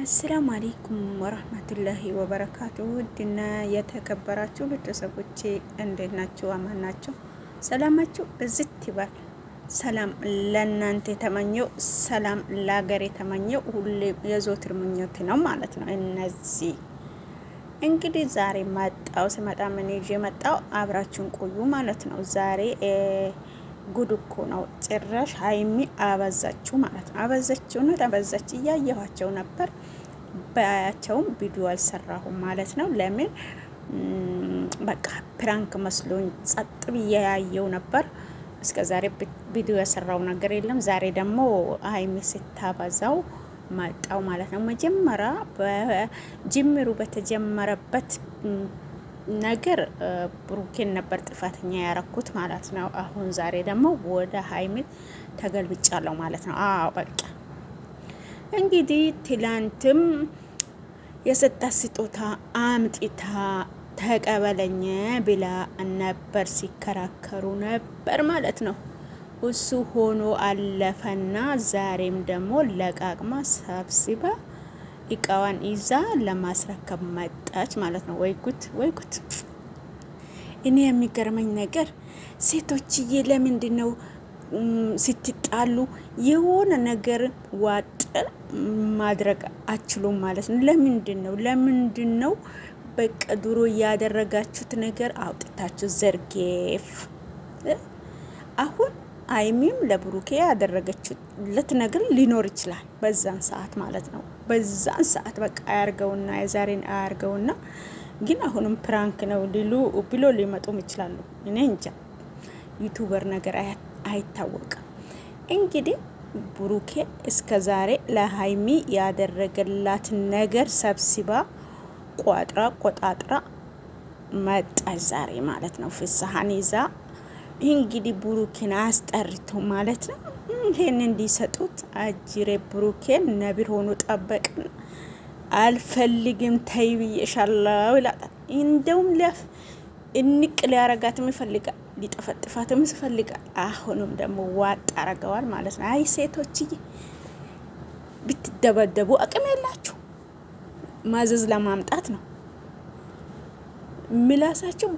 አሰላሙ አሌይኩም ወረህመቱላሂ ወበረካቱ። ውድና የተከበራችሁ ቤተሰቦቼ እንዴት ናችሁ? አማን ናቸው። ሰላማችሁ ብዝት ይባል። ሰላም ለእናንተ የተመኘው ሰላም ለሀገር የተመኘው ሁሌ የዘወትር ምኞት ነው ማለት ነው። እነዚህ እንግዲህ ዛሬ መጣው ስመጣ ምን ይዤ መጣው? አብራችሁን ቆዩ ማለት ነው ዛሬ ጉድ እኮ ነው። ጭራሽ ሀይሚ አበዛችሁ ማለት ነው። አበዛችሁ ነው አበዛች። እያየኋቸው ነበር ባያቸውም ቪዲዮ አልሰራሁም ማለት ነው። ለምን በቃ ፕራንክ መስሎኝ ጸጥ ብዬ ያየው ነበር። እስከ ዛሬ ቪዲዮ የሰራው ነገር የለም። ዛሬ ደግሞ ሀይሚ ስታበዛው መጣው ማለት ነው። መጀመሪያ በጅምሩ በተጀመረበት ነገር ብሩኬን ነበር ጥፋተኛ ያረኩት ማለት ነው። አሁን ዛሬ ደግሞ ወደ ሀይሚ ተገልብጫለሁ ማለት ነው። አዎ በቃ እንግዲህ ትላንትም የሰጣት ስጦታ አምጥታ ተቀበለኝ ብላ ነበር ሲከራከሩ ነበር ማለት ነው። እሱ ሆኖ አለፈና ዛሬም ደግሞ ለቃቅማ ሰብስባ እቃዋን ይዛ ለማስረከብ መጣ መጣች ማለት ነው። ወይ ጉድ ወይ ጉድ! እኔ የሚገርመኝ ነገር ሴቶችዬ ለምንድን ነው ስትጣሉ የሆነ ነገር ዋጥ ማድረግ አችሉም ማለት ነው? ለምንድን ነው ለምንድን ነው በቃ ድሮ ያደረጋችሁት ነገር አውጥታችሁ ዘርጌፍ አሁን አይሚም ለብሩኬ ያደረገችለት ነገር ሊኖር ይችላል። በዛን ሰዓት ማለት ነው። በዛን ሰዓት በቃ አያርገውና የዛሬን አያርገውና ግን አሁንም ፕራንክ ነው ሊሉ ብሎ ሊመጡም ይችላሉ። እኔ እንጃ ዩቱበር ነገር አይታወቅም። እንግዲህ ብሩኬ እስከ ዛሬ ለሀይሚ ያደረገላትን ነገር ሰብስባ ቋጥራ ቆጣጥራ መጣ ዛሬ ማለት ነው ፍስሀን ይዛ እንግዲህ ብሩኬን አስጠርቶ ማለት ነው ይሄን እንዲሰጡት አጅሬ ብሩኬን ነብር ሆኖ ጠበቅን። አልፈልግም ተይ ብዬሻለሁ ይላታል። እንደውም ለፍ እንቅ ሊያረጋትም ይፈልጋል፣ ሊጠፈጥፋትም ይፈልጋል። አሁንም ደግሞ ዋጥ አረገዋል ማለት ነው። አይ ሴቶችዬ ብትደበደቡ አቅም የላችሁ ማዘዝ ለማምጣት ነው ምላሳቸው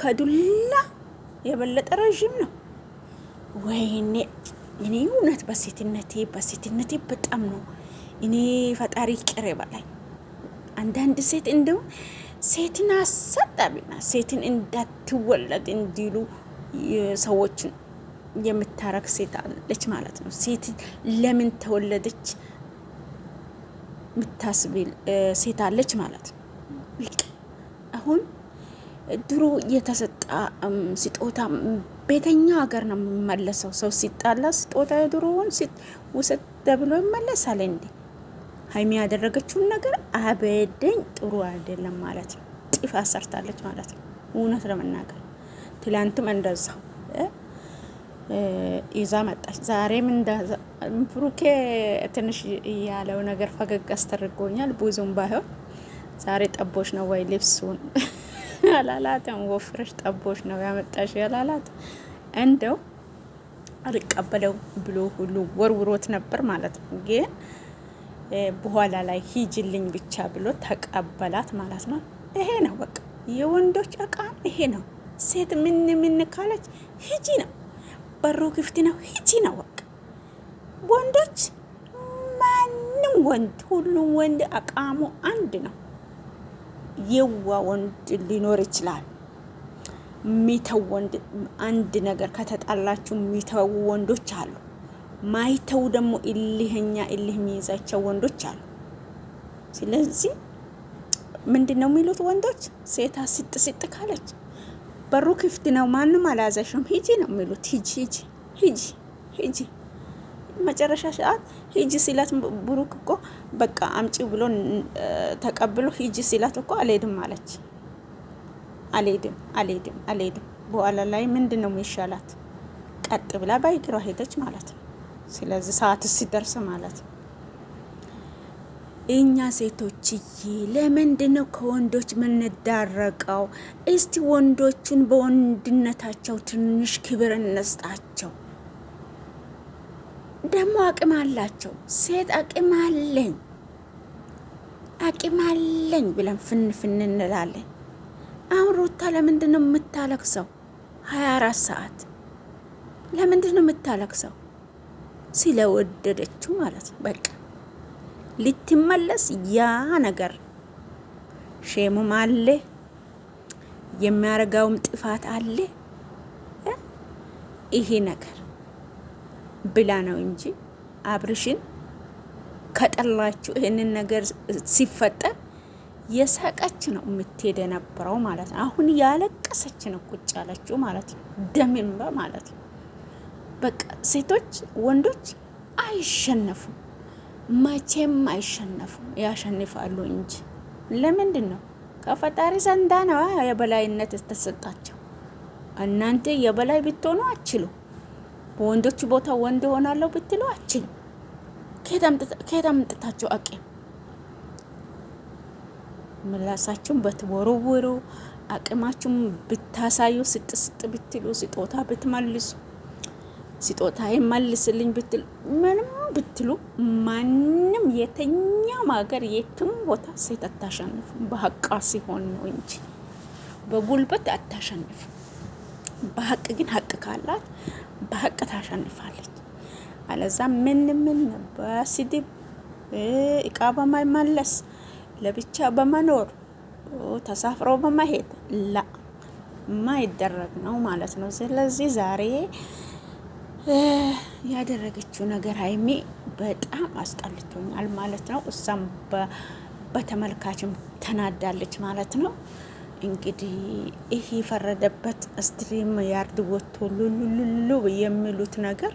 ከዱላ የበለጠ ረዥም ነው። ወይኔ እኔ እውነት በሴትነቴ በሴትነቴ በጣም ነው እኔ ፈጣሪ ቅሬ በላይ አንዳንድ ሴት እንደው ሴትን አሳጣቢና ሴትን እንዳትወለድ እንዲሉ ሰዎችን የምታረግ ሴት አለች ማለት ነው። ሴት ለምን ተወለደች ምታስብል ሴት አለች ማለት ነው። አሁን ድሮ የተሰጣ ስጦታ ቤተኛ ሀገር ነው የሚመለሰው። ሰው ሲጣላ ስጦታ የድሮውን ውሰድ ተብሎ ይመለሳል። እንዴ ሀይሚ ያደረገችውን ነገር አበደኝ ጥሩ አይደለም ማለት ነው። ጥፋ ሰርታለች ማለት ነው። እውነት ለመናገር ትላንትም እንደዛው ይዛ መጣች። ዛሬም ብሩኬ ትንሽ እያለው ነገር ፈገግ አስተርጎኛል። ብዙም ባይሆን ዛሬ ጠቦች ነው ወይ ልብሱን አላላትም። ወፍረሽ ጠቦሽ ነው ያመጣሽ ያላላት እንደው አልቀበለው ብሎ ሁሉ ወርውሮት ነበር ማለት ነው። ግን በኋላ ላይ ሂጅልኝ ብቻ ብሎ ተቀበላት ማለት ነው። ይሄ ነው በቃ የወንዶች አቋም ይሄ ነው። ሴት ምን ምን ካለች ሂጂ ነው፣ በሩ ክፍት ነው፣ ሂጂ ነው በቃ ወንዶች፣ ማንም ወንድ፣ ሁሉም ወንድ አቃሙ አንድ ነው። የዋ ወንድ ሊኖር ይችላል። ሚተው ወንድ አንድ ነገር ከተጣላችሁ ሚተው ወንዶች አሉ። ማይተው ደግሞ እልህኛ እልህ የሚይዛቸው ወንዶች አሉ። ስለዚህ ምንድን ነው የሚሉት ወንዶች ሴታ ስጥ ስጥ ካለች በሩ ክፍት ነው፣ ማንም አላዘሽም፣ ሂጂ ነው የሚሉት። ሂጂ ሂጂ ሂጂ ሂጂ መጨረሻ ሰዓት ሂጂ ሲላት ብሩክ እኮ በቃ አምጪ ብሎ ተቀብሎ ሂጂ ሲላት እኮ አልሄድም አለች። አልሄድም አልሄድም አልሄድም። በኋላ ላይ ምንድን ነው የሚሻላት? ቀጥ ብላ በእግሯ ሄደች ማለት ነው። ስለዚህ ሰዓት ሲደርስ ማለት ነው እኛ ሴቶችዬ ለምንድን ነው ከወንዶች የምንዳረቀው? እስቲ ወንዶቹን በወንድነታቸው ትንሽ ክብር እንስጣቸው። ደግሞ አቅም አላቸው። ሴት አቅም አለኝ አቅም አለኝ ብለን ፍንፍን እንላለን። አሁን ሩታ ለምንድን ነው የምታለቅሰው? ሀያ አራት ሰዓት ለምንድን ነው የምታለቅሰው? ስለወደደችው ማለት ነው። በቃ ልትመለስ ያ ነገር ሼሙም አለ የሚያረጋውም ጥፋት አለ ይሄ ነገር ብላ ነው እንጂ አብርሽን ከጠላችሁ ይህንን ነገር ሲፈጠር የሳቀች ነው የምትሄደ ነበረው ማለት ነው። አሁን ያለቀሰች ነው ቁጭ ያለችው ማለት ነው። ደም ማለት ነው። በቃ ሴቶች ወንዶች አይሸነፉም፣ መቼም አይሸነፉም። ያሸንፋሉ እንጂ ለምንድን ነው? ከፈጣሪ ዘንዳ ነው የበላይነት የተሰጣቸው። እናንተ የበላይ ብትሆኑ አችሉ በወንዶች ቦታ ወንድ ሆናለሁ ብትሉ አችልም። ከየት አምጥታችሁ አቂም ምላሳችሁን በትወረውሩ አቅማችሁን ብታሳዩ ስጥስጥ ብትሉ ስጦታ ብትመልሱ ስጦታ ይመልስልኝ ብትሉ ምንም ብትሉ ማንም የተኛም ሀገር የትም ቦታ ሴት አታሸንፉም። በሀቃ ሲሆን ነው እንጂ በጉልበት አታሸንፉም። በሀቅ ግን ሀቅ ካላት በሀቅ ታሸንፋለች። አለዛ ምን ምን በስድብ እቃ በማመለስ ለብቻ በመኖር ተሳፍሮ በመሄድ ላ ማይደረግ ነው ማለት ነው። ስለዚህ ዛሬ ያደረገችው ነገር ሀይሚ በጣም አስጠልቶኛል ማለት ነው። እሷም በተመልካችም ተናዳለች ማለት ነው። እንግዲህ ይህ የፈረደበት ስትሪም ያርድ ወጥቶ ሉሉሉሉ የሚሉት ነገር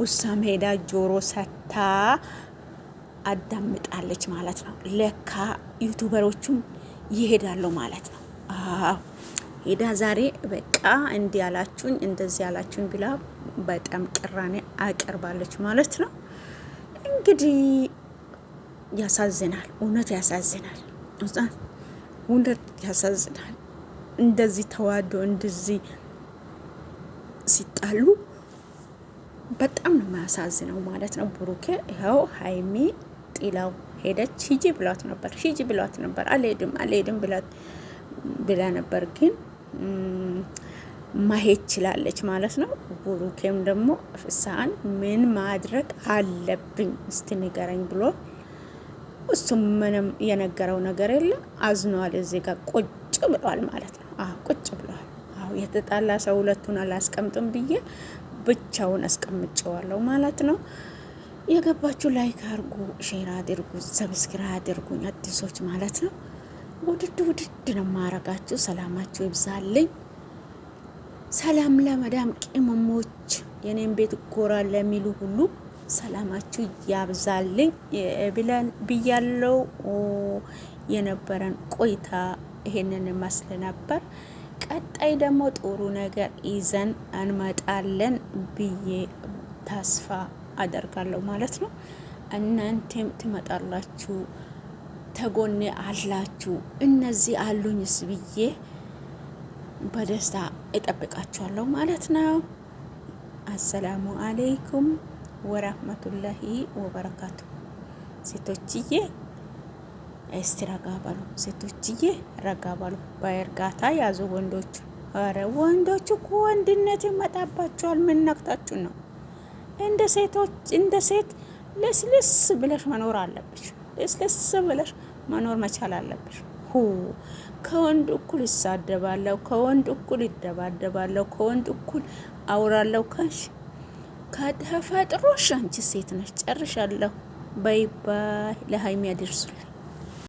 ውሳም ሄዳ ጆሮ ሰታ አዳምጣለች ማለት ነው። ለካ ዩቱበሮቹም ይሄዳሉ ማለት ነው። አዎ ሄዳ ዛሬ በቃ እንዲ ያላችሁኝ እንደዚህ ያላችሁኝ ብላ በጣም ቅራኔ አቀርባለች ማለት ነው። እንግዲህ ያሳዝናል፣ እውነት ያሳዝናል። ውልድ ያሳዝናል። እንደዚህ ተዋዶ እንደዚህ ሲጣሉ በጣም ነው የሚያሳዝነው ማለት ነው። ብሩኬ ይኸው ሀይሚ ጥላው ሄደች። ሂጂ ብሏት ነበር፣ ሂጂ ብሏት ነበር። አልሄድም አልሄድም ብላ ነበር፣ ግን ማሄድ ችላለች ማለት ነው። ቡሩኬም ደግሞ ፍስሀን ምን ማድረግ አለብኝ እስቲ ንገረኝ ብሎ እሱም ምንም የነገረው ነገር የለም። አዝኗል። እዚህ ጋር ቁጭ ብሏል ማለት ነው። አዎ ቁጭ ብሏል። አዎ የተጣላ ሰው ሁለቱን አላስቀምጥም ብዬ ብቻውን አስቀምጨዋለሁ ማለት ነው። የገባችሁ ላይክ አድርጉ፣ ሼር አድርጉ፣ ሰብስክራ አድርጉኝ አዲሶች ማለት ነው። ውድድ ውድድ ነው ማረጋችሁ። ሰላማችሁ ይብዛልኝ። ሰላም ለመዳም ቅመሞች የኔም ቤት ጎራ ለሚሉ ሁሉ ሰላማችሁ ያብዛልኝ ብለን ብያለው። የነበረን ቆይታ ይሄንን መስል ነበር። ቀጣይ ደግሞ ጥሩ ነገር ይዘን እንመጣለን ብዬ ተስፋ አደርጋለሁ ማለት ነው። እናንተም ትመጣላችሁ፣ ተጎኔ አላችሁ። እነዚህ አሉኝስ ብዬ በደስታ እጠብቃችኋለሁ ማለት ነው። አሰላሙ አለይኩም ወራህመቱላሂ ወበረካቱ። ሴቶችዬ እስቲ ረጋ በሉ፣ ሴቶችዬ ረጋ በሉ፣ በእርጋታ ያዙ ወንዶቹ። አረ ወንዶቹ እኮ ወንድነት ይመጣባቸዋል። ምን ነክታችሁ ነው? እንደ ሴቶች እንደ ሴት ለስለስ ብለሽ መኖር አለብሽ። ለስለስ ብለሽ መኖር መቻል አለብሽ። ሁ ከወንድ እኩል ይሳደባለሁ፣ ከወንድ እኩል ይደባደባለሁ፣ ከወንድ እኩል አውራለሁ ከሽ ከተፈጥሮሽ አንቺ ሴት ነሽ። ጨርሻለሁ። ባይ ባይ። ለሀይሚ ያደርሱልኝ።